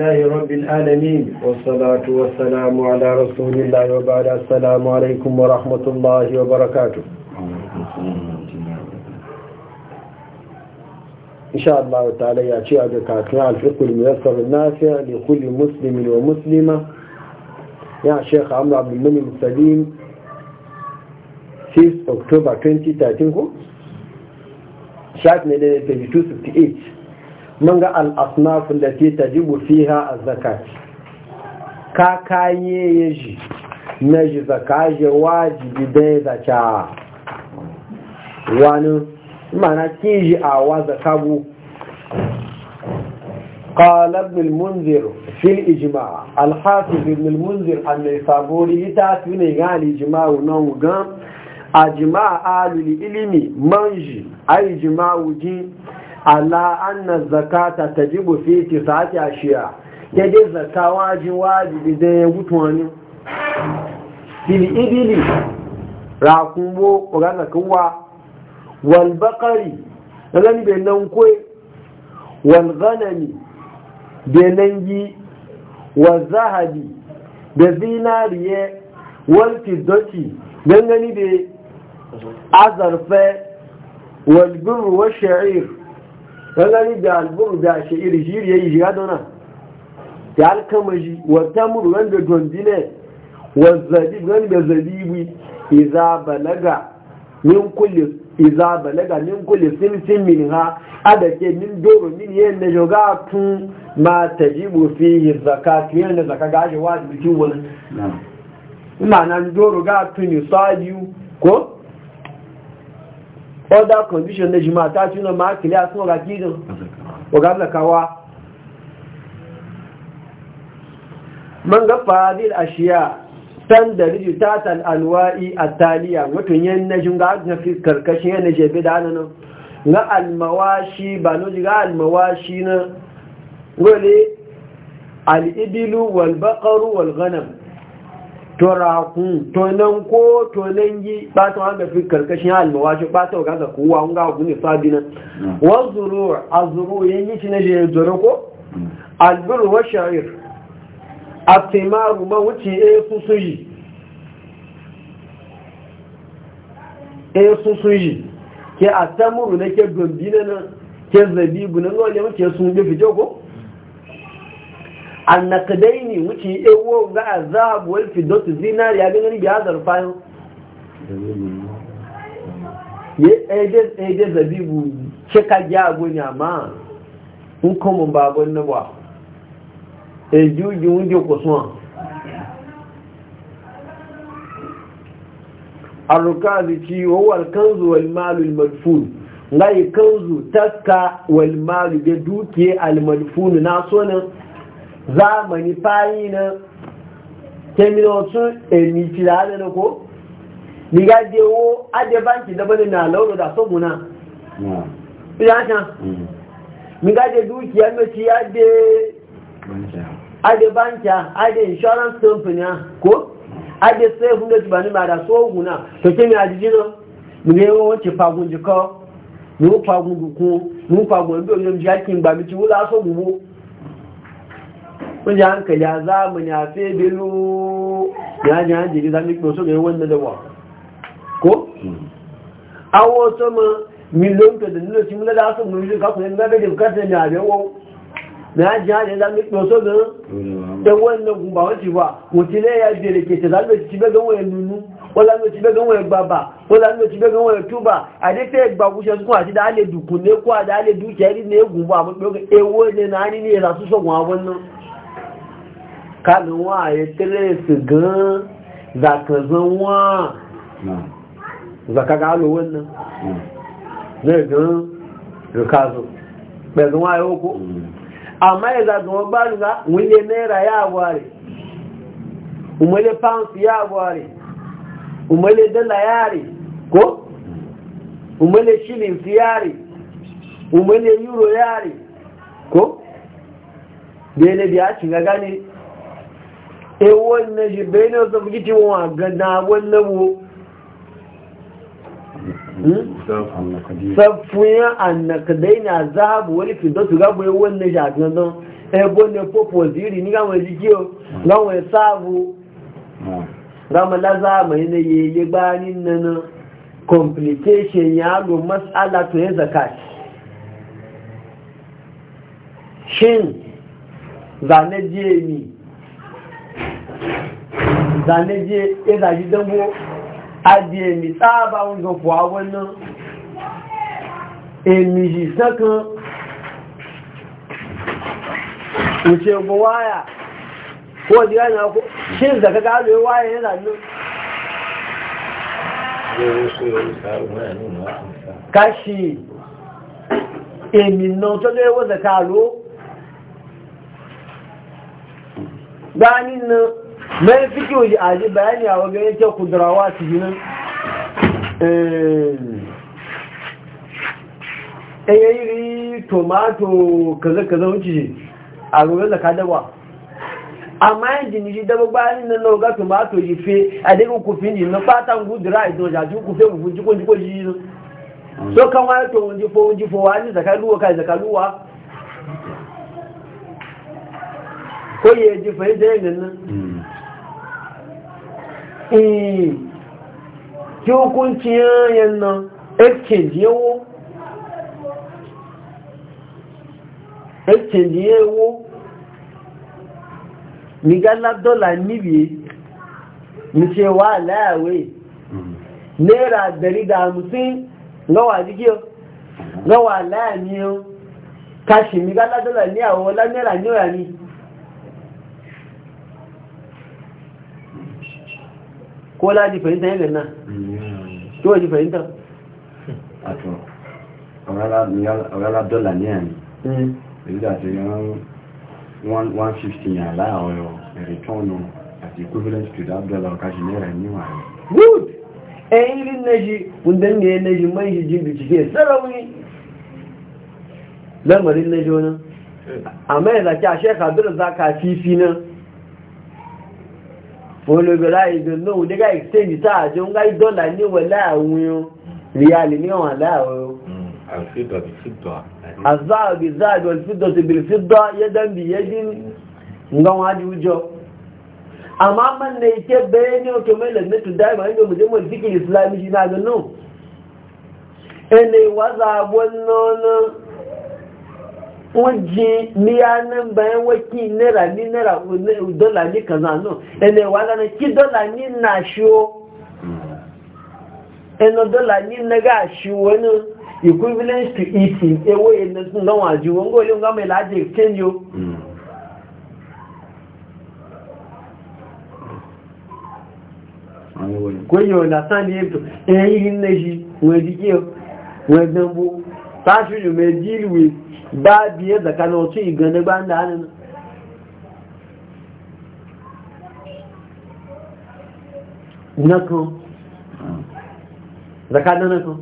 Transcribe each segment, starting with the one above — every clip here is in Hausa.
الله رب العالمين والصلاة والسلام على رسول الله وبعد السلام عليكم ورحمة الله وبركاته إن شاء الله تعالى يأتي أبكاتنا الفقه الميسر النافع لكل مسلم ومسلمة يا شيخ عمر عبد المنعم السليم 6 أكتوبر 2013 شاكنا لنا 268 mun ga al'asnafin da ke ta fiha a zakat ka kayi ya ji na ji zaka ji wajibi dai zaka wani mana ki ji a wa zaka bu qalab bil munzir fil ijma al hafiz bil munzir an ne saburi ita ga al ijma non ga ajma al ilmi manji al ijma ala anna zakata tajibu fi tisati ashiya ya dai zaka waji wajibi da ya gutu wani rakumbo kuwa wal bakari benin wal ganami benin zahabi da zinariye wal fiddoti da azarfe wal birru sha'ir gangani da albun da iri shiri ya yi shiga dona da alkamashi wata muru wani da dondine wazzadi wani da zabibi iza balaga min kulle iza min kulle simsin min ha adake min doro min yin na joga tun ma ta jibu fi zaka da zaka gashi wa na ma ma'ana doro ga tun yi ko other condition na jima ta tuna ma kile asun oga gidan oga man ga fadil ashiya tan da riju ta tal alwa'i taliya, mutun yan na jinga na fi karkashin yan jebe da nan na almawashi ba no jiga almawashi na gole al-ibilu wal baqaru wal ghanam to rakun to nan ko to nan yi ba ta wanda fi karkashin almawa shi ba ta ga kowa an ga gune sabina mm. wa zuru azuru yin yi na je zuru ko mm. Albiru wa sha'ir taimaru ma wuce e yi e yi, ke a atamuru na ke gombi na ke zabibu na ga ne muke sun bi fije ko annakadai ne wuce ewo ga azab wal fidot zinari ya gani biya zarfayin ye eje eje zabibu cika ya gonya ma in kuma ba na ba e juji wunje kusuwa arrukazi ci wawar kanzu wal malul madfun ngai kanzu taska wal malu da dukiye al madfun na sonan zamani fayi na keminotu emi fila da na ko niga de wo ade banki da bane na lauro da so muna ina ta niga de dukiya no ya de ade banki ade insurance company ko ade sai hunde ci bani ma da so muna to ke mi ajiji no niga wo ci fagun jiko ni wo fagun duku ni wo fagun bi o yo mi ja kin gba mi ti wo la so mu kun ji hankali a zamani a febelu ya ji hankali za mu yi ɗoso ga yi wanda da wa ko? an wasu miliyon ka da nuna shi da asun mulki ka kuma wau na ji hankali za mu yi wanci ba mutu ne ya ke ta ci gan nunu wala ci gan baba wala ci gan tuba a dai sai su kuma da ale dukun ne ko da ale ne gun ne na ne ya wannan kanin wa ya tire su gan zakazan wa zaka galo wannan zai gan rikazo ɓezin wa ya hoko amma ya zagawa baluga wunye naira ya agware umele pounds ya agware umele dala yare ko umele shilling yare umele euro yare ko bene biya shiga gane e wannan shi bai na zafi gici wa gana wannan wo hmm? safiyan annakadai na zahabu wani fito su gabo ya wannan shi a ganin ebo ne popo ziri ni gama jiki o gama sabu gama lazama yana yi gbanin nan complication ya lo matsala to ya zakat shin zane jemi zane je ya zaji dambo adiye mi tsaba wanda kuwa wannan emiji sakan wuce bu waya ko jira na ko shi da kaga waya yana kashi emi nan to lewo da kalo mai fiki waje aji bayani a wajen yake kudurawa su jinin ɗayayiri eh, eh, tomato kaza-kaza wuce a ruwan da ka dawa amma yin jini shi daba bayan nan na ga tomato yi fe a daga kufin yi na fatan gudura idan jaji kufe mu jiko jiko shi yi so kan wani to wunji fo wunji fo wani zakaluwa kai luwa? ko yi ji fahimta yin nan hmm. eh ki hukunci yayin nan exchange yawo exchange yawo mi gala dola nibi mi ce wa laawe naira dari da hamsin gawa jikiyo gawa laami kashi mi gala dola ni awo la naira ni oya ni ko laji fahimta yin nan tí wọ́n jí fahimta àtọ̀ ọ̀rẹ́lá dọ́là ní àmì ìlú àti wọ́n fifty àlá ọ̀rọ̀ ẹ̀rẹ̀tọ́nù àti equivalent to that dollar ọ̀kájì náírà níwà rẹ̀ good ẹ̀yìn ilé nẹ́jì kùndẹ́n ní ẹnẹ́jì mọ́ ìjì jí bìtìkì sẹ́rọ̀ olùgbèrè ìgbè lóhun dégá ìsẹ́jì táà jẹ́ ńgá ìdọ́là níwẹ̀ láàrin yóò rí alì ní ọ̀hàn láàrin azáàbì záàbì olùfídọ̀ ti bèèrè fídọ̀ yẹ́dẹ́mbì yẹ́dí ńgọ́wọ́n ajújọ ẹni ìwázà àbọ̀ náà náà oje ni a nan bayan waki naira ni naira dola ni kaza no ene wala na ki dola ni na shiwo ene dola ni na ga shiwo equivalent to isi ewo ene sun don waji won go le ngam la yo ko ba biye da kana wasu igana ba da hannun na kan zakadan na kan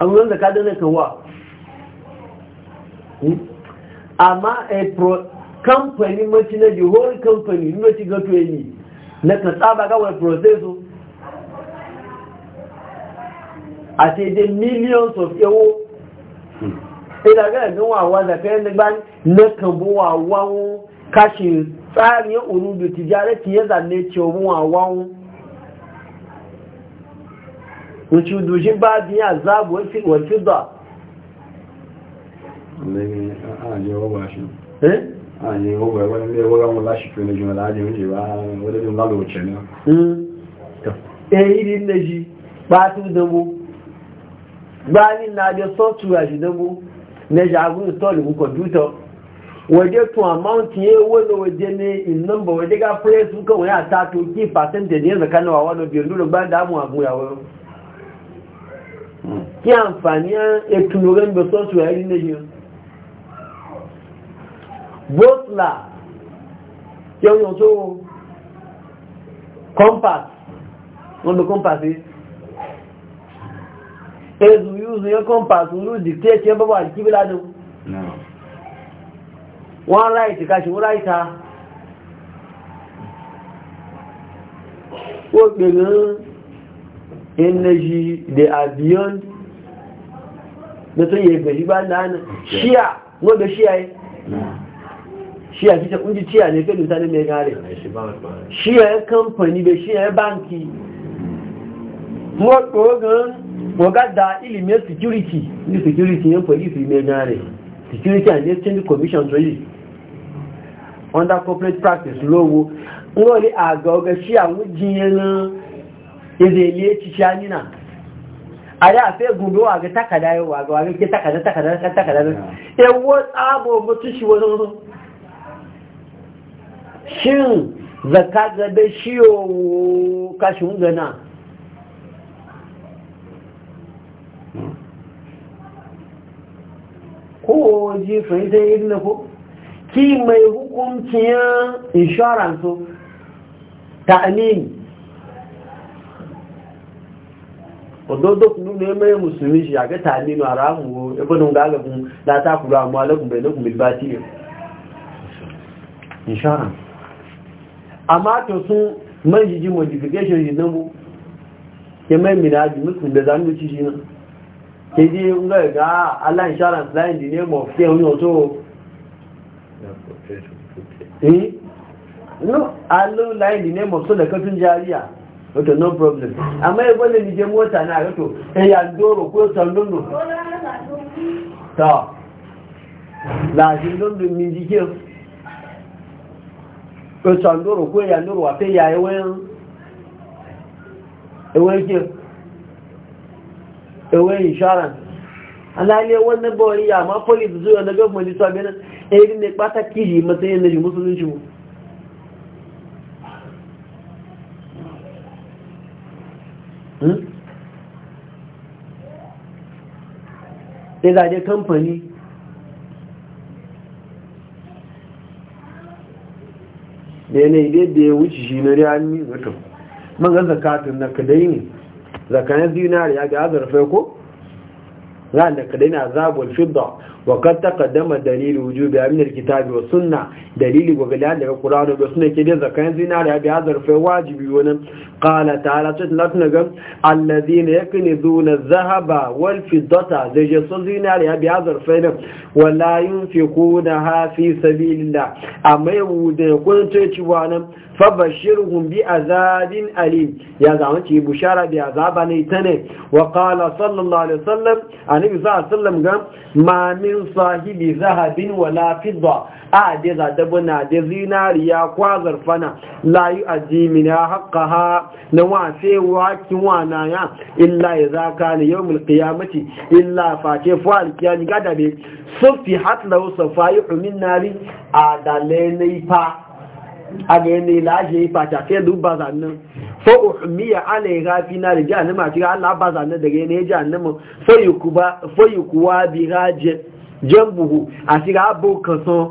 amuran zakadan na wa amma a pro kamfani mace na jihori kamfani mace gato yi na ka tsaba gawar proceso a ce dai millions of euro ina ga yanzu wawa da kayan da ban eh? na kambu wawan kashi tsarin urudu tijarati ya zanne cewa wawan wuce dushin ba biya zabu wafi da Ààyè owó ẹ̀wọ́ ilé ẹwọ́ ọmọ láṣìkò ní jùmọ̀ láàájú oúnjẹ wá wọ́n lórí ńlá lòó ne náà. Èyí rí lè yí, pàtó dánwó, gbá ní ìlàjọ sọ́tù àjìdánwó, na jagun tol ku computer waje to amount ye wani waje ne in number waje ga price kuka wani ta to ki percentage ne zakana wa wani biyu dole ba da mu abu ya wani ki àǹfààní ètùnúrẹ́ ńbẹ sọ́ọ̀tù ẹ̀ ní lẹ́yìn bóòtùlà tí ó yàn tó compass wọ́n bẹ compass yìí ezu yuzu ya compass lu dictate ya babu alkibla da one right kashi one um right ha gbẹ̀rẹ̀ energy they are beyond tó yẹ gbẹ̀rí bá dáná ṣíà wọ́n bẹ ṣíà yi ṣíà títẹ̀ kúnjí tíà ní ní mẹ́rin rẹ̀ ṣíà ẹ́ kọ́mpàní bẹ ṣíà ẹ́ báńkì mọ́ waga da ilimin security ni security yan police ne gare security and exchange commission to yi under corporate practice lowo ngo le aga oga shi awon jiyan eze ile chichi anina aya afe gundo aga takada yo aga aga ke takada takada takada e wo abo mutushi wo shin ko ji fahimta irin na ko ki mai hukunciyar insurance ta amini ododo kunu ya mai musulmi shi a ga ta amini a ramu ibanin gagabin da ta amma alakun bai nukun bilbati e. Insurans. amma to sun manjiji modification shi nan bu ya mai minaji musulmi da zanuci shi nan kèdí ńlọ ẹ̀gá aláìṣàrán láì dì ní ẹmọ̀ fí ẹ̀hún yóò tó aló láì line di name of lẹ̀kọ́ tún jẹ́ àríyà okay no problem àmọ́ ẹgbọ́n lè ní jẹ mọ́ta náà rẹ́tò ẹ̀yà dóòrò pé sọ lónà tọ́ láti lónà ní jíkẹ́ ó sọ lóòrò pé ẹ̀yà wà ya ẹwẹ́ ẹwẹ́ ewe insurance alali wannan bawari ya e, ma police zuwa na gwamnati to ganin irin ne bata kiri matsayin da musulunci mu sai zaje kamfani da yanayi da ya wuce shi na riyar ni zato man ga zakatun na kadai ne zakanin zinari ya ga azurfe ko ran da kadina zabul fidda wa kad taqaddama dalil wujubi kita alkitab wa dalili dalil gogalan daga qur'an da sunna ke da zakanin zinari ya ga azurfe wajibi wannan qala ta'ala tatlatna gam alladhina yaknizuna adh-dhahaba wal fiddata Zai je sun zinari ya ga azurfe ne Wala yin yunfiquna ha fi sabilillah amma yau da kun ce ciwa nan fabashirhum bi azabin alim ya zama ce bushara bi azaba ne ta ne wa qala sallallahu alaihi wasallam annabi sallallahu alaihi ga ma min sahibi zahabin wala fidda a da za ta buna da zinariya kwa zarfana la yu'addi a haqqaha na wa sai wa kin wa na ya illa idza kana yawmul qiyamati illa fa ce fa alkiyami gadabe sufi hatla safayu min a adalai fa a ga yanayi lashe fatafe lubba zannan fa umiya ala ya gafi na da jihannama cikin allah ba zannan daga yanayi jihannama fa yi kuwa bi jan buhu a shiga abokan san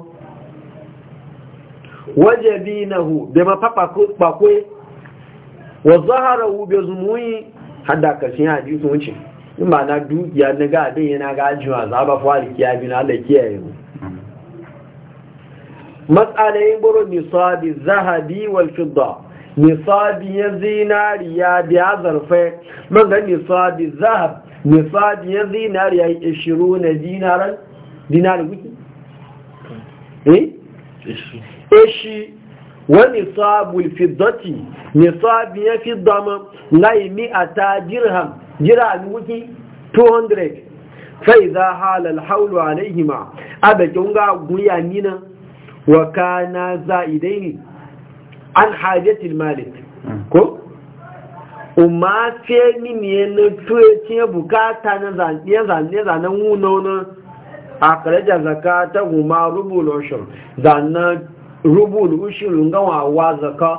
waje bi na hu da mafafakwe wa zahara hu matsalayin buru nisabi zahabi wal fidda nisabi ya zinariya da ya zarfe manga nisabi zahab nisabi ya zinariya ya ishiru na dinaran dinari wiki eh eshi wa nisabu fiddati nisabi ya fidda ma lai mi'ata dirham dirham wiki 200 fai za halal hawlu a abakin ga guya nina wakana za za'idaini an hajjatil malik ko umma ce mini na tuye ce bukata na zane-zane wuno na a karajar zaka ta goma rubul ushir zanen rubul ushirin gawa wa zaka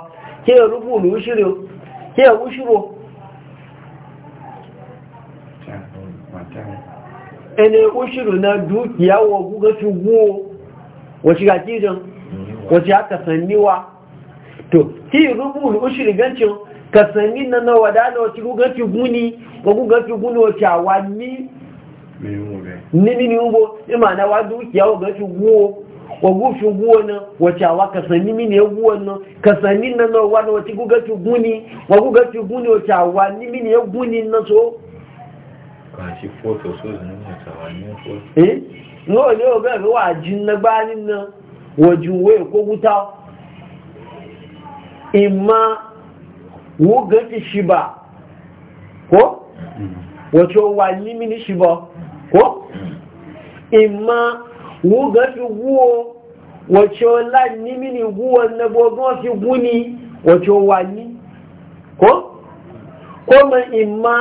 ke rubul ushirin ke ushiro ene ushiru na dukiya wa guga fi guwo wasu ga kijin wasu ya kasanniwa to ti rubul ushiri gancin kasanni na na wada na wasu gugafi guni ko gugafi guni wasu awanni nini ni ni ugbo ma na wa dukiya wa gafi guwo wa gufi guwo na wa wasu awa kasanni mini ya guwo na kasanni na na wa na wasu gugafi guni wa gugafi guni wasu awanni mini guni na so kashi foto so zanen wasu awanni foto eh? náà ní ọgbẹ́ mi wà jínnagbá nínú wọ̀júwé kógútá ìmá wúgẹ́ ti ṣìbà kó wọ̀tí ó wà ní ní ṣìbà kó ìmá wúgẹ́ ti wúwo wọ̀tí ó lá ní ní wúwo nẹgbọ́gbọ́n ti wú ní wọ̀tí ó wà ní kó kó mọ ìmá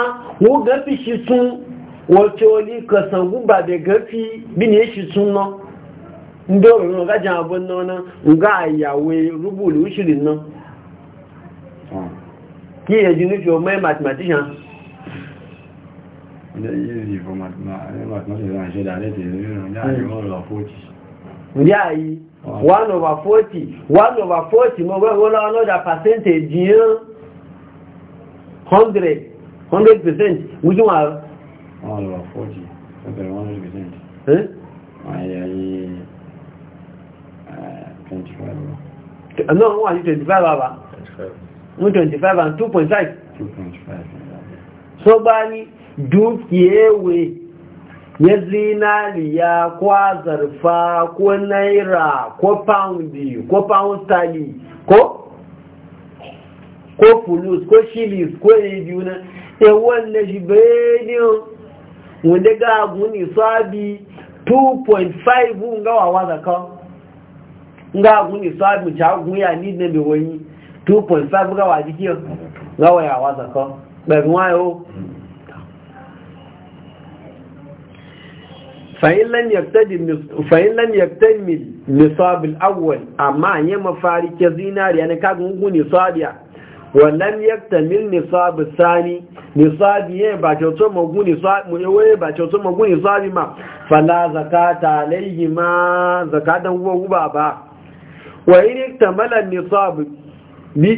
wúgẹ́ ti ṣì tún wato ni ka sangu ba da gafi bin ya shi sun nan ndo ro ga jan abun nan nan ga yawe rubulu shirin nan ki ya ji nufi mai mathematician ilé yìí fún mathematician ṣe dáadé tèèrè rẹ̀ ní àyíwọ̀ lọ 40 ní àyí 1 over 40 1 over 40 mọ́ gbẹ́gbẹ́ lọ́wọ́ lọ́dà percentage yìí 100 100% wíjúwọ̀n wọ́n lọ 40 tó bẹ̀rẹ̀ 100% ẹ́ ayẹyẹ 25 náà wọ́n àti eh, 25 eh, bàbá 25 and 2.5 2.5 so bá ní dukiyewe ya zinariya ko zarfa ko naira ko poundi ko pound sterling ko ko fulus ko shilis ko ebiyu na ewon na wanda ga agun isabi 2.5 nga wa waza ka nga agun isabi ja agun ya ni ne be wani 2.5 ga wa jiki nga wa ya waza ka be nwa yo fa'in lam yaktajin nisab al-awwal amma yamma farike zinariya ne kagun gungun nisabiya wannan yadda mil nisabu sani nisabi yin ba kyautu magu nisabi ma fala zakata alaihi ma zakatan huwa ba ba wa yi tamala nisabu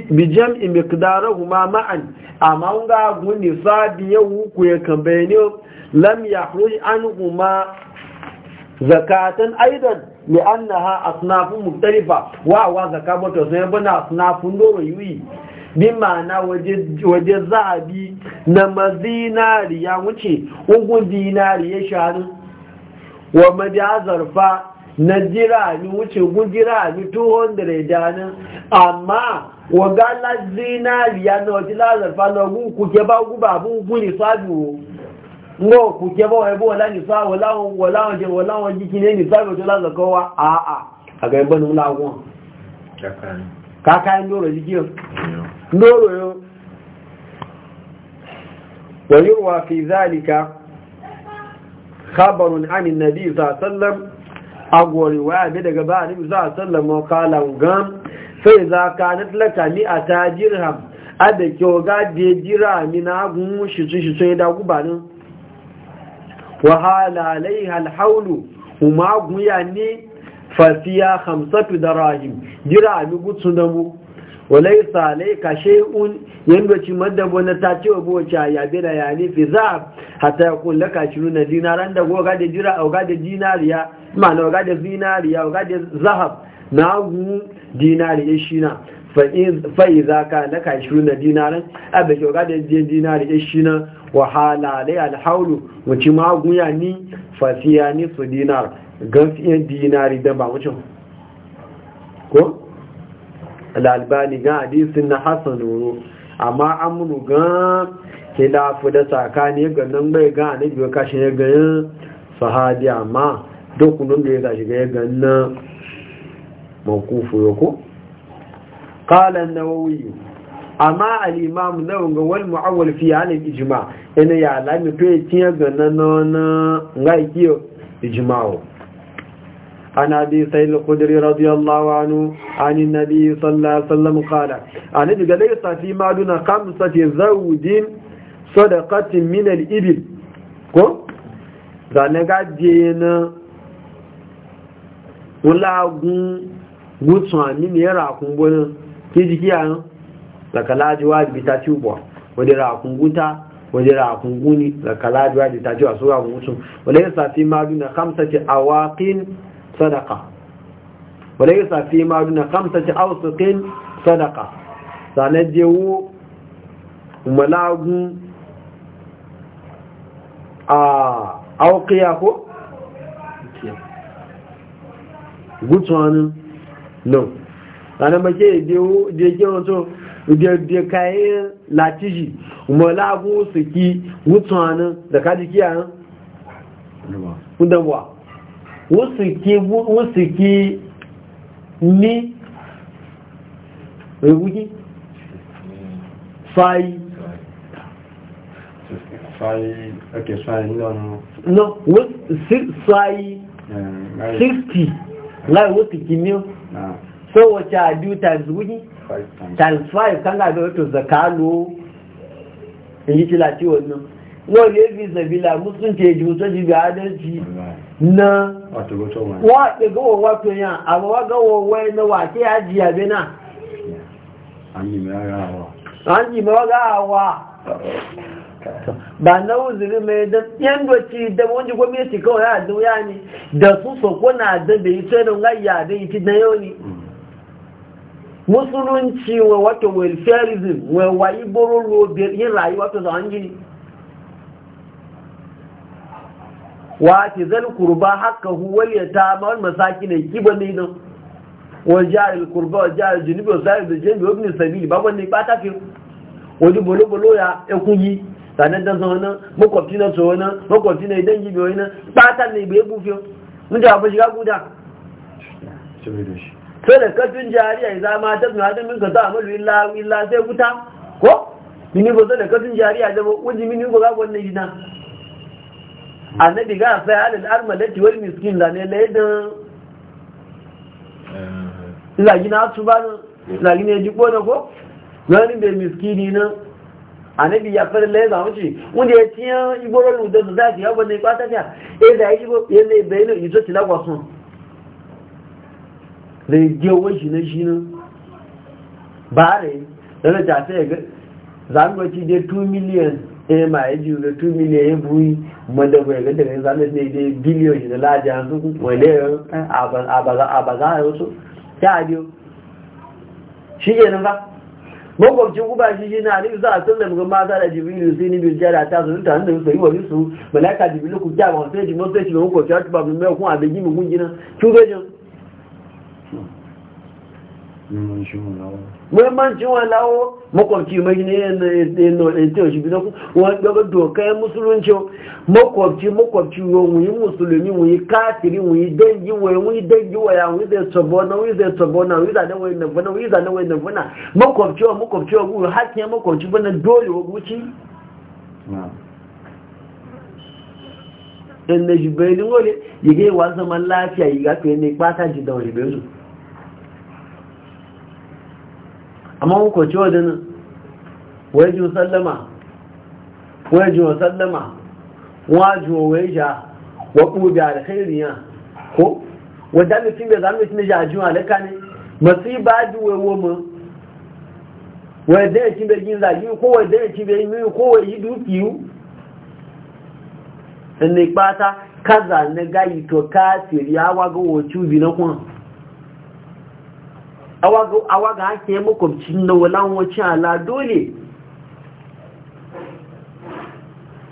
bi jam'i miqdarahu ma ma'an amma ga gun nisabi yau ku ya kambayani lam yahruj anhu ma zakatan aidan li'annaha asnafun mukhtalifa wa wa zakabatu sai bana asnafun doro yi. bi ma'ana waje zabi na mazinari ya wuce ugun dinari ya shanu wa madazarfa na jirani wuce gun jirani 200 danin amma wa gala zinari ya na waje lazarfa na gun kuke ba gun babu gun sabiwo ngo kuke ba wai bola ni sa wala wala wala wala wala jikine ni sabiwo to lazarkowa a'a a ga ibanu lagun kakayan ndoro jijiyon ndoro yo wa yurwa fi zalika khabarun an annabi sallam agwari wa bi daga bani sallam wa qala sai za ka na ta ni a tajirham a da kyau ga je jira mi na gun shi shi sun yi dagu banin wahala alaiha alhaunu umar guya ne fasiya hamsatu jira dirami gutsu da mu walai salai ka shay'un yanda ci madabo na ta ce wa cha ya bi da ya ni fi za hatta ya kun laka shiru na dinaran da go ga da jira au ga da dinariya ma na ga da dinariya au ga da zahab na gu dinari shina fa iza ka laka shiru na dinaran abe ga da dinari shina wa halalai alhaulu wuci maguya ni fasiya ni su dinar ganfiyan dinari da ba wucin ko al'albani gan hadisin na hassan nuru amma amunu gan kilafu da tsakani ga nan bai gan anabi ya kashe ya ganin sahabi amma dokunan da ya tashi ga ya ganin makufu ya ko ƙalan nawawi amma al'imamu nawon ga wani mu'awar fiye hannun ijima yana ya alami to ya ciyar ganin na wani ga ikiyo ijimawo عن أبي سيد الخدري رضي الله عنه عن النبي صلى الله عليه وسلم قال عن أبي ليس في دون خمسة زوج صدقة من الإبل كم؟ zane gajiye na wulagun gutsun amini ya rakun gwanin ke jiki a nan zakalaji wajibi ta ci ubuwa wadda guta wadda rakun guni zakalaji wajibi ta ci wasu rakun gutsun wadda ya safi madu na kamsa ce awakin sadaka wale yi safi ma duna kamsa ci ausukin sadaka sanar jewu malagun a aukiya ko? gutsuwanin no ke make jewo jeke wato de kayan latiji malagun suki gutsuwanin da kaji kiyayen? kudanwa wasu ki ni rubuki fayi fayi ok fayi no no fayi 60 lai wasu ki ni so wace a biyu times wuki times 5 kan gabe wato zakalo in ji tilati wannan yau ne bi zabila musulunci ya ji musulunci ga adalci na wa ɗiga wa wato ya abu wa ga wawai na wake ya ji yabe na an yi mawa ga awa ba na wuzuri mai da yan doci da wani gwamnati kawai ya zuya ne da su soko na da da mm. yi tsanin gayya da yi na yau ni musulunci wa wato welfarism wa wayi boro yin rayuwa ta zawon gini wa zan zal kurba haka huwal ya ta mawar masaki ne kiba ne nan wani jihar kurba wani jihar junubi wasu zai da jami'a wani sabili ba wani ba ta fi wani bolo-bolo ya ekun yi sanar da sau nan makwabci na sau nan makwabci na idan gibi wani nan ɓatan ne bai bufe mun da abu shiga guda sai da kafin jariya ya zama ta suna ta minka ka ta malu illa sai wuta ko mini ba sai da kafin jariya zama wajen mini ba ga ku wannan na? annabi ga sai alal armalati wal miskin la ne laidan la eh. gina su ba la gina ji ko ko wani da miskini na annabi ya fara laidan wuce wanda ya tiya da da ya ba ne kwata ta eh, da ya go ya ne bai ne yuto tilagwa sun da je wai shi ne shi ne bare da ta sai ga zangoci 2 million eh ma ya e ji da 2 miliyan ya buyi wanda bai ga daga zanen ne dai biliyon shi da laji an su wanda a ba za a yi wasu ya adiyo shi ke nan ba makwabcin guba shi shi na nufi a sun da mata da jibilu sai ni bil jara ta sun ta hannun sai wani su malaka jibilu ku ja ba sai jibilu sai shi mai makwabci hatu ba bin mai kun abin gimi kun gina cubejin muhimmancin wa lawo makwabci mai ne yana yau shi bidan wani daga dokar musulunci makwabci makwabci wa muyi musulmi muyi kafiri muyi dangi wa muyi dangi wa ya wuyi zai tsobo na wuyi zai tsobo na wuyi zane wani nafana wuyi zane wani nafana makwabci wa makwabci wa guru hakkin makwabci bana dole wa guci in na shi bai ni wani yi ga yi wa zaman lafiya yi ga fiye ne ba ta ji da wani bai zuwa amma mun kwaci wajen wajin sallama wajin sallama wajin waja wa ƙuda da khairiya ko wadda mutum da zama mutum da ajiyar alaka ne masu yi ba ji wewo mu wadda ya ci begin zagi ko wadda ya ci begin mini ko wadda yi dukiyu in ne ɓata kaza na gayi to kafir ya waga wa cubi na kuma awa ga ake makwabcin da walan wacce ala dole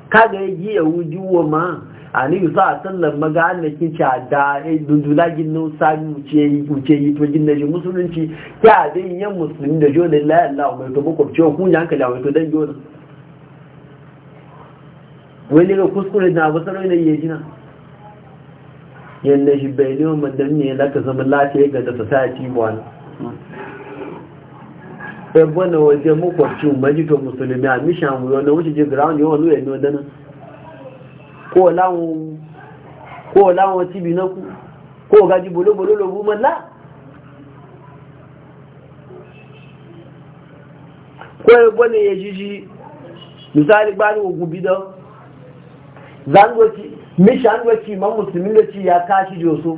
kaga ya yi ya wuji wa ma a ni yusa a sallar maga annakin ci a da ya eh, dundula ginin sami wuce yi to gina shi musulunci ya zai yan musulmi da jona laye Allah mai to makwabci wa kunya hankali a mai to dan jona wani ga kuskure na wasu rai na iya jina yadda shi bai neman mandarin ne ya zaka zama lafiya ga da ya one ẹgbọ́n na waje makwabci to musulmi a mishan mu yau na wuce je ground yawon lura ne wadana ko lawon tibi na ku ko gaji bolobolo lobu malla ko ẹgbọ́n na ya jiji misali gbani ogun bidan zangoci mishan goci ma musulmi da ci ya kashi joso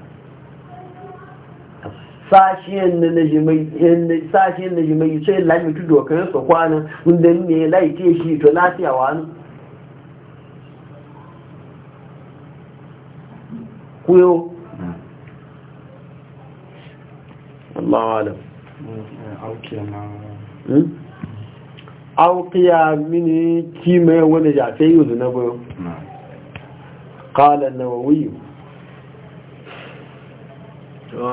sashen na jimai sai lai mutu dokar sa kwanan wanda ne lai ke shi to lafiya wani kuyo Allah wala aukiya hmm? mini kima wani jafe yi na bayo قال النووي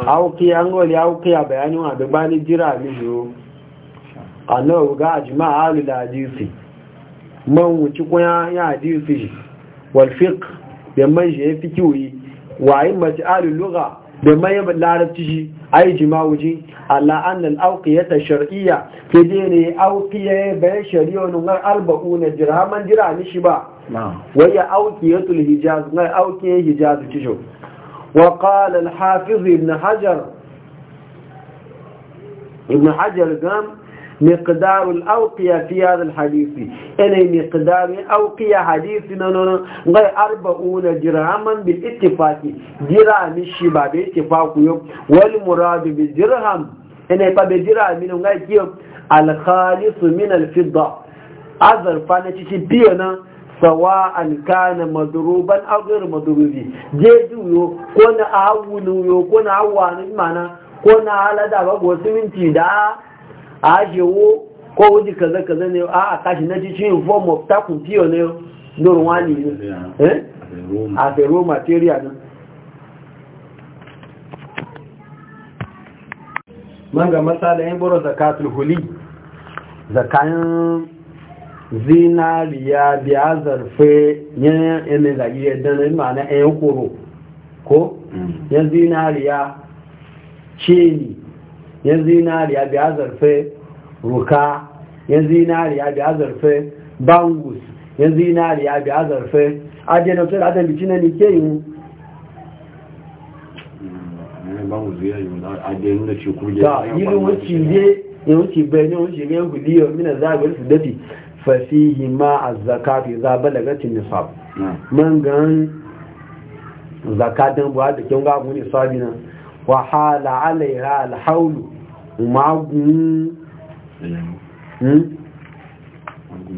aukiya ngoli aukiya bayanin wa dubba ni jira mi yo annahu ga ajma alul hadisi man wuci kuma ya hadisi wal fiqh da ya fi fikiwi wa immat alul lugha da man larabci shi ai jima'uji ala annal auqiyata shar'iyya ke je ne auqiya bayan shari'a nungar alba'u arba'una dirhaman dirami shi ba Wai ya auki waya auqiyatul hijaz ngai auqiya hijaz tijo وقال الحافظ ابن حجر ابن حجر قام مقدار الأوقية في هذا الحديث إني مقدار الأوقية حديث غير أربعون درهما بالاتفاق درهم الشبا باتفاق والمراد بالدرهم إني فبدرهم من غير الخالص من الفضة أذر فانا تشبينا sawa an kana madruban aw ghayr madrubi je duyo ko na awunu yo ko na awani mana ko na halada ba go siminti da a wo ko wuji kaza kaza ne a a kashi na ji cin form of takun tiyo ne nuru wani ne eh a the raw material ne manga masala yin boro zakatul huli zakayin zinariya biya zarfe yanayin yanayin zagi dana na ma'ana yan koro ko mm. yan zinariya ceni yan zinariya biya zarfe ruka yan zinariya biya zarfe bangus yan zinariya biya zarfe ajiyar da tsira da biki na ke yi mm. ta yi wuce yi ya wuce bayan wuce ne ya gudu yau mina zagar su dafi fasihi ma a zakatu za balagacin nisab man gan zakatun buwa da kyan gagun nisabi nan wahala alaiha alhaulu magun hmm?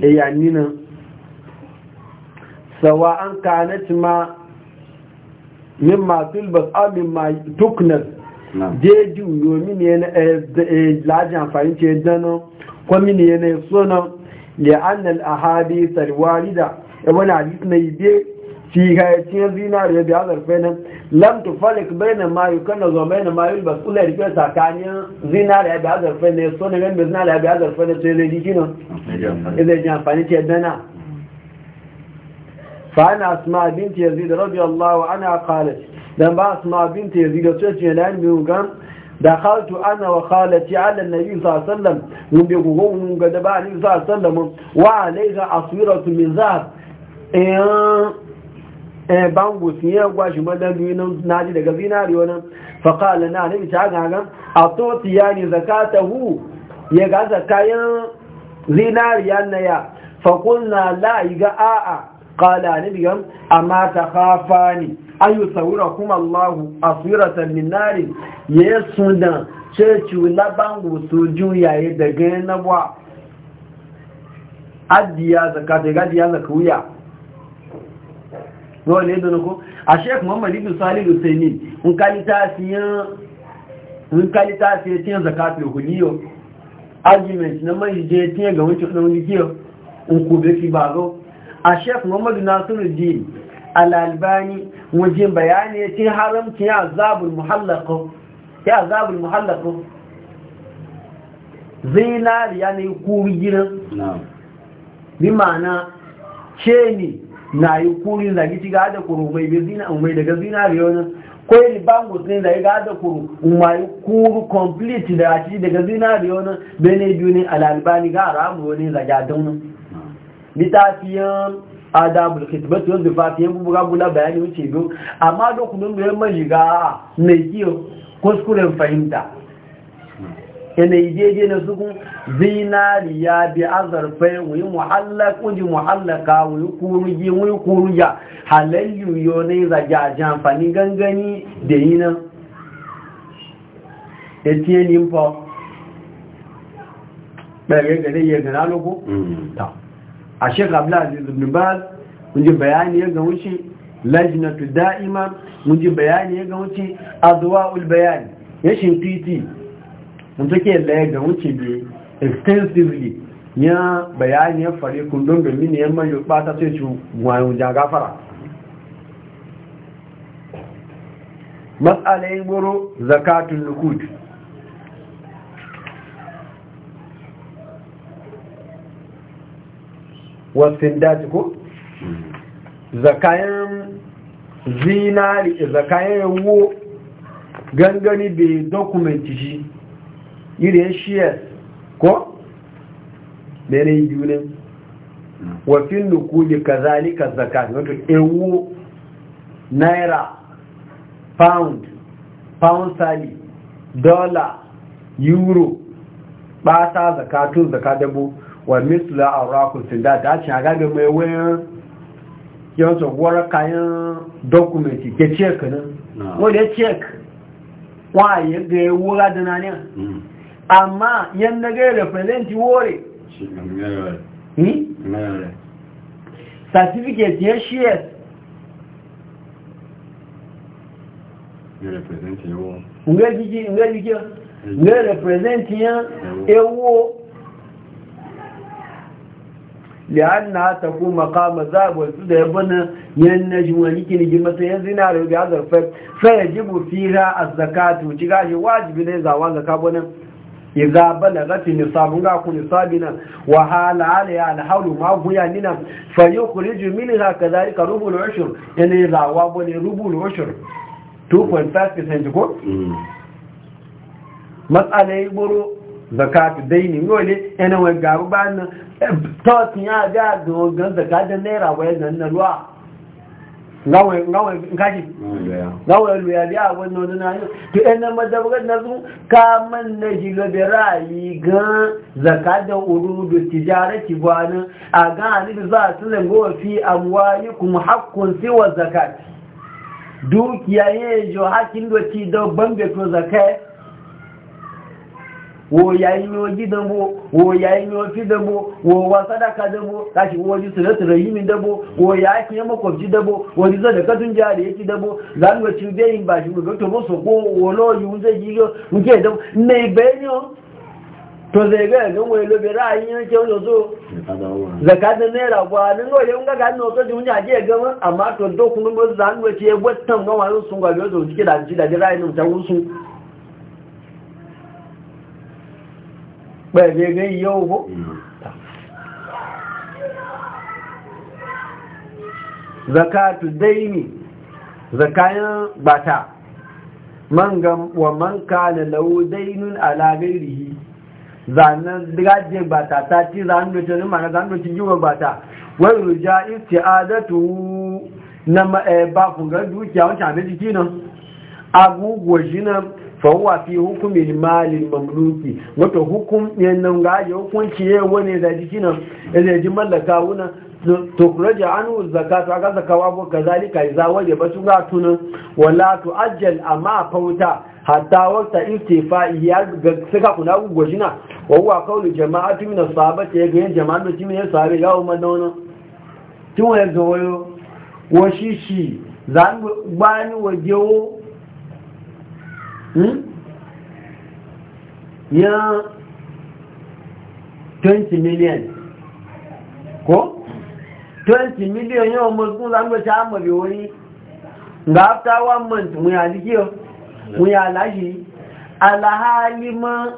iyanni nan sawa an kanaci ma min masu albas amin ma tuknas jeju yomi ne na eh, eh, lajin amfani ce danon kwamini ne na لأن الأحاديث الواردة وانا حديث نيبي في هاي غايتين ربي هذا الفن لم تفرق بين ما يكنز وبين ما يلبس كل ركبه سكانيا ربي هذا الفن سنه من ربي هذا الفن تيجي كده اذا جاء فاني تيدنا فأنا أسمع بنت يزيد رضي الله عنها قالت لما أسمع بنت يزيد تشجع الآن بيوغام da khaltu ana wa khalati ala nabi sallallahu alaihi wasallam mun bi gugu ga da ba ni sallallahu wa alaiha aswiratu min zahab e e bango si ya gwa shi madalu ina naji daga zinari nan, fa qala na nabi ta ga ga atuti yani zakatahu ya ga zakayan zinari yan ya fa qulna la ga a a qala nabi amma ta khafani ayu saura kuma Allahu asiratan min nari ya sudan ce ci labangu soju yaye daga na bwa adiya Zaka daga adiya zakawiya wale don ko a Sheikh Muhammad ibn Salih Al-Uthaymeen in kalita siyan in kalita siyan tiyan zakatul huliyo argument na mai je tiyan ga wancan dan wikiyo in ku be fi bago a Muhammadu Nasiru Nasiruddin Al-Albani wajen bayani ya ce haramci ya azabul muhallaka. ya na muhallakun na yi kuri gina bi ma'ana ce ne na yi kuri zagi ci ga da kuru mai mai daga zinariya wani kwai libangus ne da ya ga da kuru mai kuru complete da ya ci daga zinari wani bene biyu ne alalibani ga haramu wani zagi a daunin littafiyan adabul khidmat yanzu fati yan buga bula bayani wuce biyu amma dokunan da yamma shiga mai kiyo kuskuren fahimta yanayi daidai na suku zinariya bi azarfai wuyi muhallaka wuyi muhallaka wuyi kurugi wuyi kuruga halayyu yone zage a ji amfani gangani da yi nan ya tiye nimfa ɗaya gare ya gana loko? Mm. ta a shek abdulaziz ibn baz mun ji bayani ya ga wuce lajnatu da'ima mun ji bayani ya ga wuce adwa'ul bayani ya titi, mun take la ya ga wuce bi extensively ya bayani ya fare kun don da mini yan bata sai ci wayo ja gafara mas'alai goro zakatun nukud wasindati ko zakayen zinari zakayen yawo gangani bai dokumenti shi irin shiyar ko mene yi ne wafin nukuli ka zalika zakat wato ewu naira pound pound sali dollar euro ba ta zakatun zakadabu wa mitla arakun sinda ta ce agaga mai wayan yanzu gwara kayan dokumenti ke cek nan wadda cek waye ga ya wura da na ne hmm. amma yan na ga representi hmm? wore certificate ya shares nga representi ya ewo لأنها تكون مقام ذهب والسود يبنى من النجم ولكن جمة يزينا له بهذا الفرق فيجب فيها الزكاة وتقاش واجب ليزا وزكاة بنا إذا بلغت نصاب نقول نصابنا وحال عليها الحول ما هو يعنينا فيخرج منها كذلك ربو العشر يعني إذا وابني ربو العشر 2.5% ko? Matsala ya zakatu daini wole yana we gabu ba nan e, totin ya ga dogon zakatu naira wai nan na ruwa ngawai ngawai ngaji ngawai lu ya biya no nan yo to da madabagar na zu ka man na jilo da rayi ga zakatu urudu tijarati bwana a ga alibi za su ne go fi amwalikum haqqun siwa zakat dukiya yayin jo hakin do ti do bambe to zakat wo yayin yo gidanbo wo yayin yo fidabo wo wa sadaka dabo kashi wo ji sulatura yimin dabo wo ya ki yamma kwabji dabo wo ji zada katun jari yake dabo zan ga ci bai ba shi ga to musu ko wo lo yun zai ji yo nke dabo ne benyo to zai ga ga wo lo be ra'ayin ke wo so ne naira ba nan wo yan ga ga no to ji munya je ga amma to do kunu ba zan ga ci e gwatan ga wa sun ga yo zo ji da ji da ra'ayin ta wusu pẹ̀lẹ̀ rẹ̀ yẹ owó zakatu daini zakayan bata man wa man kana lau dainun ala ghairihi zanan gaje bata ta ci zan da ci mana zan da ci jiwa bata wa ruja isti'adatu na ma eh, ba fun ga dukiya wancan abin jiki nan agugwa shi fahuwa fi hukumin malin mamluki wato hukum nan ga ya hukunci ne wani da jiki nan da ji mallaka wuna to an kuraja zaka zakatu aka ka ko kazalika ba wajaba tunga tunan wala tuajjal amma fauta hatta waqta istifa'i ya saka kuna gogojina wa huwa qawlu jama'atu min as-sahabati ya ga jama'an da timin sahabi ya umma nono tun ya zo wayo washishi zan gbani wajewo Hmm? ya 20 million ko 20 million yau mulkun zangoci amari wani ga after one month mu ya zikiyo mu ya lashi alhali ma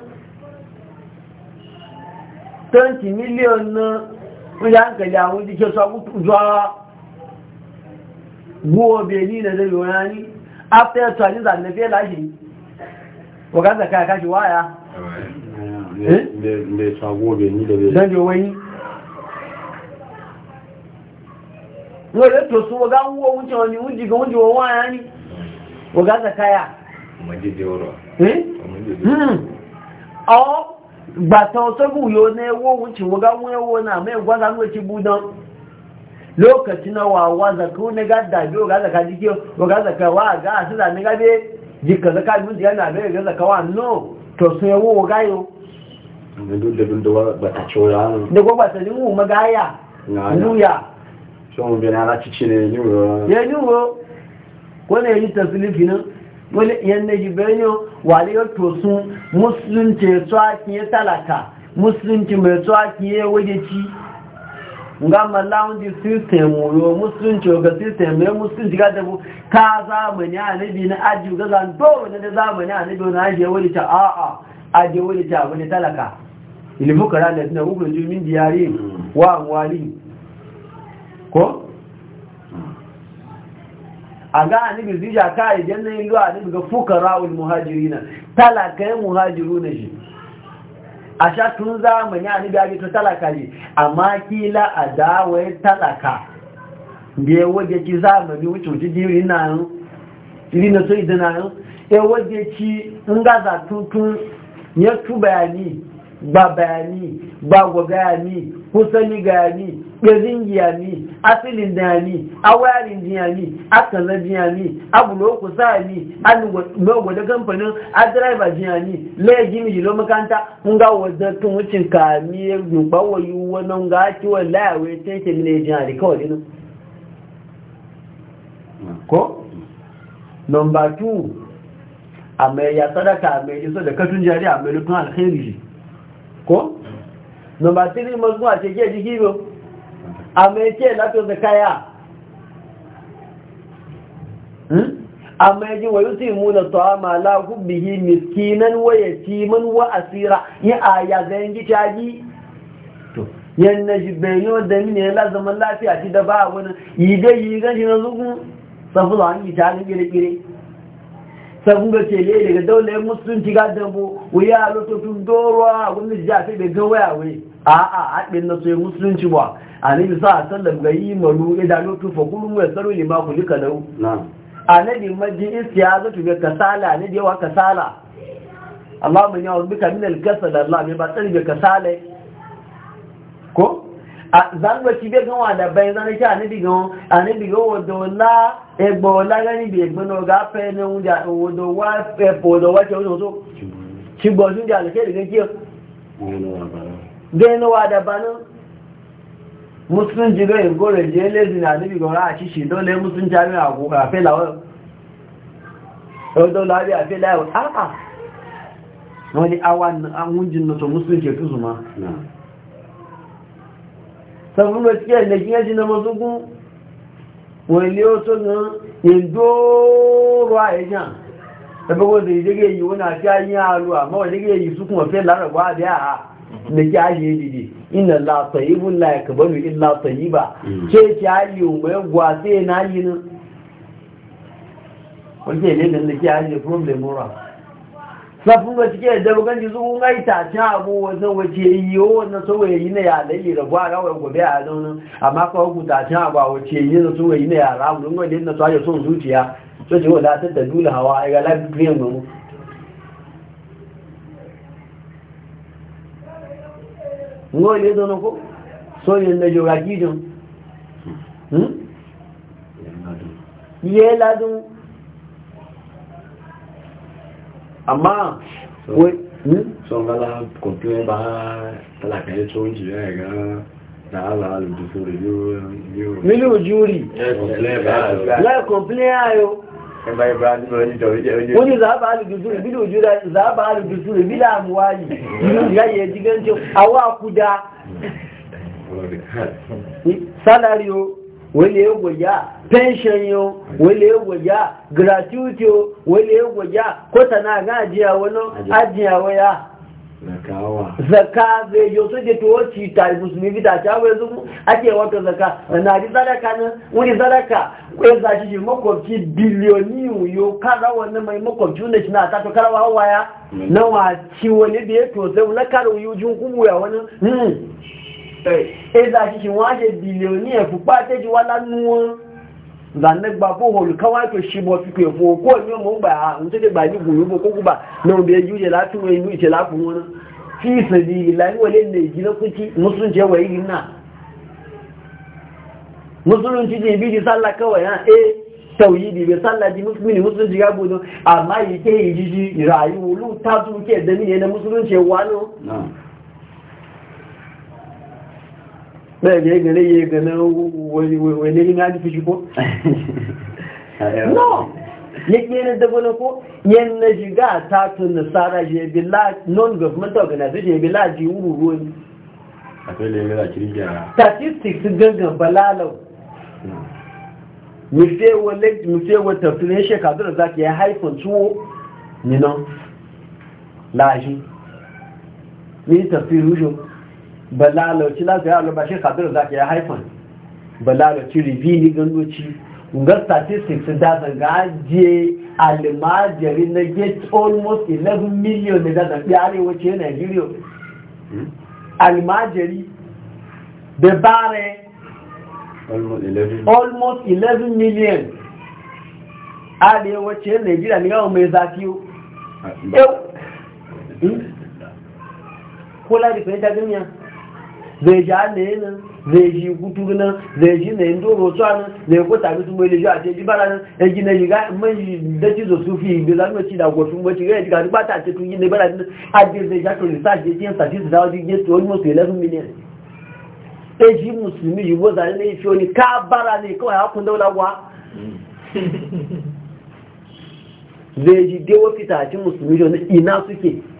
20 million na wani hankali a wani jikin zuwa guwa benin da zai yi wani after 20 zangoci lashi waka zaka kashi waya eh? mai sago bai ni da bai dan yo wani no le to su waka wo wuce wani wuji ga wuji waya ni waka zaka ya maji de oro eh hmm o gba to so bu yo ne wo wuce waka wo na mai gwa da wuce lokaci na wawa zaka ne ga da yo ga zaka jike waka zaka wa ga asira ne jika zaka mun ya na bai ga zakawa no to sai wo gayo da duk da duk ba ta cewa da go ba ta limu magaya nuya so mun bana ra cici ne ni wo ya ni wo ko ne yi taslifi nan wani yan ne jibenyo wali yo to sun musulunci ya tsaki ya talaka musulunci mai tsaki ya waje ci nga mallawun di system yo musulunci ga system me musulunci ga da ka zamani annabi na aji ga zan do ne da zamani annabi na aji wani ta a a aji wani ta wani talaka ilmi fukara da na ugu min diyari wa wali ko a ga annabi zija ka aljanna yin ruwa annabi ga fukara ul muhajirina talaka ya muhajiru na shi a sha tun zamani a nibi ake to talaka ne amma kila a dawai talaka da ya waje ki zamani wuce wuce jiri na nan diri na so idina nan ya waje ki in gaza tuntun ya tu bayani ba bayani ba gwa gayani kusani gayani ɗazin giyani asili dani a wayarin jiyani a kanar jiyani a buloku sa'ani a logwada kamfanin a driver jiyani laye jimi jilo makanta n ga wadda tun wucin kami ya wayi yake mine jiyani kawai nan ko number 2 a mai ya sadaka a mai iso da katun jari a ko number 3 mazuwa amma yake lato zakaya amma yaji wa mu na ta'ama la hubbihi miskinan wa yatiman wa asira ya aya zan ji taji to yana shi bayo da ni ne la zaman lafiya ci da ba wani yi dai yi ga shi na zugun sabu da hanji ta ni gire gire sabu ga ce daga daular musulunci ga dambo wuya lokacin a, wani jafi bai ga waya wai a'a a ɗin na so musulunci ba annabi sa sallam ga yi maru idan lutu fa kullu ya saru lima kulika lahu annabi maji istiyazatu bi kasala ne da yawa kasala Allahumma ya uzbika min al-kasal Allah bai ba tsari bi kasala ko zan ba ci bai ganwa da bai zan ki annabi gan annabi go wodo la egbo la ga ni bi egbo no ga fe ne un ja wodo wa fe po do wa che wodo ci bo ju ja le ke de ke ki gẹ́nu wa dàbánú musulunci ga igore je lezi na níbi gọ̀rọ̀ àṣíṣì lọ́lẹ̀ musulunci àmì àkókò àfẹ́láwọ́ ọdọ́ láàrí àfẹ́láwọ́ àà wọ́n ni àwọn jinnàtọ̀ musulunci tó yi wani a tíkẹ́ ẹ̀nẹ̀ kíyẹ́ jinnà mọ́sógún wọ́n ilé ó tó ní ìdóòrò àyẹjá ẹgbẹ́gbẹ́ da kyaye dide inna la tayyibun la yakbalu illa tayyiba mm. ke kyaye mu mai sai na yi nan wanda ne nan da kyaye problem ora safin da cike da bugan ji zuwa ngai ta ta abu wanda wace yi yo wanda so waye yi na ya dai da gwa ga wai gobe a don amma ka ku ta ta ba wace yi na so waye yi na ya ramu don gode na so ya son zuciya so ji wala ta da dula hawa ai ga lafiyan mu wọ́n ilé dánà kó sóyè lẹ́jọ́ ra jíjọun yẹ́ ládún àmá wé sọ́nbálá kọ̀tí wọ́n bá tàlàkàyé tó ń jìyà ẹ̀gá dáàlà alùdùsọ rẹ̀ yóò rí mílíò júrí láì kọ̀m̀plé ayọ́ wani zaɓa aligusuri bi da ujura zaɓa aligusuri bi da amuwali ya yi jigancin awa kuda salari o wani ya gwaya pension yo wani ya gwaya gratuity yo wani ya gwaya kota na gajiya wani ajiya waya zaka zai yo so je to ci tare musulmi bida ta wai zuku ake wato zaka na ji sadaka nan wuri sadaka ko za shi ji makwabci biliyoni yo kada wannan mai makwabci ne na ta to karawa waya na wa ci wani da ya to sai na karo yu jun kubu ya wani hmm eh za shi shi waje biliyoni e fu pa te ji wala nu zanne gba fo hol kawa shi mo fi pe fo ko ni mo gba n te gba ni gbo bo ko gba no be ju je lati mo inu ise lafu won fi sabi la ni wale ne ji lo kuti yi na ti je bi e, di salla kawa ya e tawhidi be salla ji musulmi musun ji gabo amma yi ke yi lu ta wa bẹ́ẹ̀ gẹ́ gẹ́lẹ́ yẹ gẹ́lẹ́ wẹ̀lẹ́ ní àti fíṣù kó náà yake yana da wani ko na shiga ta tun na tsara ya bi la non-government organization ya bi la ji ne a statistics gangan balalau mufewa tafiye shekaru da zaki ya haifun tuwo ninan lashi ni tafiye rushe balalauci lafiya alubashin kabiru za ka ya haifan balalauci rivini gangoci ga statistics da zanga ajiye alimajari na get almost 11 million da zaɓi arewacin nigeria hmm? alimajari da bare almost 11 million arewacin nigeria ni gawo mai zafi yau kula da fahimta duniya zai ji alaye nan zai ji gudu nan zai ji na indo rotuwa nan zai kwata mutum mai lejo a ce ji bara nan ya ji na jiga mai da ci zo sufi bai zama ci da gwasu mai ci gaya jiga duk ta ce tun yi na bara nan adiyar zai shato research ya yi tuwon musu 11 miliyan ya ji musulmi yi boza ne ya fiyo ka bara ne kawai hakun daula wa? zai ji dewa fita a cikin musulmi ina suke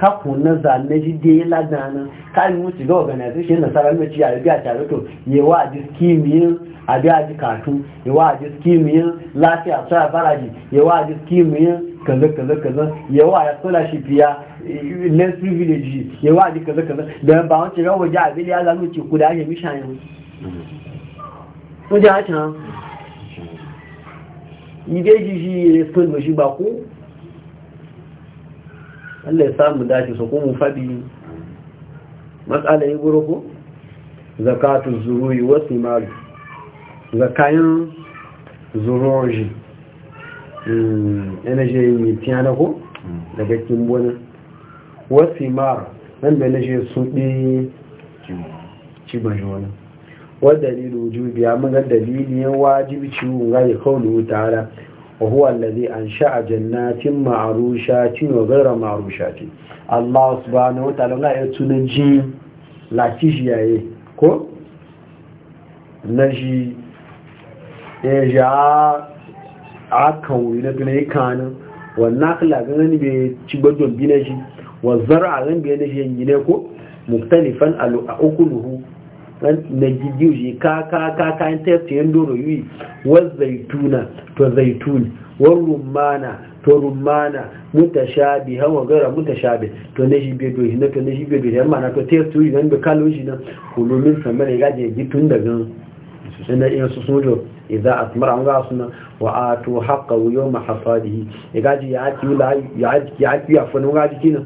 kakun na zane shi da ya ladana kayan wuce ga organization na sarar mace a biya tare to yawa a jiskimiyin a wa ji katu yawa a jiskimiyin lafiya tsara baraji yawa a jiskimiyin kaza kaza kaza wa ya sola shi fiya less privilege yawa wa ji kaza kaza da ba wace ga waje a biliya za mu ce ku da ake mishayin wajen hacin ha idai shi shi ya sun ba ko Allah ya samu dace su kuma faɗi matsala ya guru ko Zakatu zuruyi wasu malu zakayin zuruji hmm, yana je yi tiyana ko daga kimbona wasu simar nan da na je su ci bajona wa dalilu wujubi amma dalilin wajibi ciwon ga ya kawo ta'ala وهو الذي أنشأ جنات معروشات وغير معروشات الله سبحانه وتعالى لا يتنجي لا تجي كو نجي يجا akan wuri na tunai kanin wannan akila ganin bai ci gbajon bi na shi wa zara a ran biya shi yanyi ne ko muktalifan nuhu. na gidiyoji ka ka ka ka yin testi yin doro yi wa zaituna to zaituni wa rumana to rumana mutashabi hawa gara mutashabi to ne shi be do na to ne shi be do yamma na to testi yi nan da kalon shi nan kulumin samare gaje da daga inda iya su sojo idza asmara an ga suna wa atu haqqahu yawma hasadihi igaji ya ci la ya ci ya ci ya fonu gaji kinan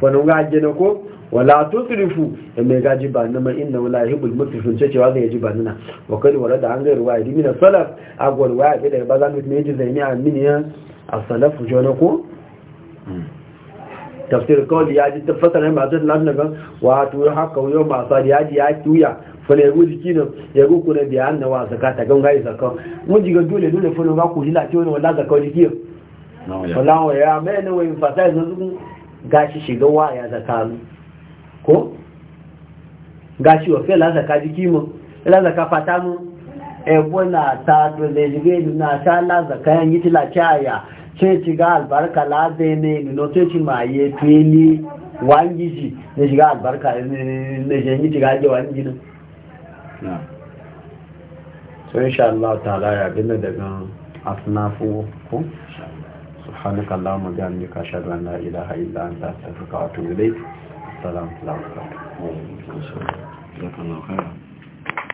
fonu gaji ko wala tusrifu mai gaji ba nama inna wala yuhibbul musrifin ce cewa zai yaji ba nuna wa kai wala da an ga ruwa idi min salaf a wa ya da ba za mu ne ji zai ni a min ya as-salaf jona ko tafsir kawai ya ji tafasar ba ta wa ga wato haka yau masu ya ji ya tuya fana yago jiki nan yago kuna biya na wa zaka ta ganga yi zaka mun ga dole dole fana ba ku jila ce wani wala zaka jiki wala wa ya mai ne wa yin fasa yanzu gashi shiga wa ya zaka ko gashi wa fiye lazaka jiki mu lazaka fata mu ebo na ta dole na ta lazaka yan yi tilakiyaya ce ci ga albarka lazai ne nino ce ci ma ye fili e wangi ji na albarka na shi yi ga ajiye wangi nan so insha Allah ta'ala ya gina daga asnafu ko subhanakallahumma Salam, la otra, muy incluso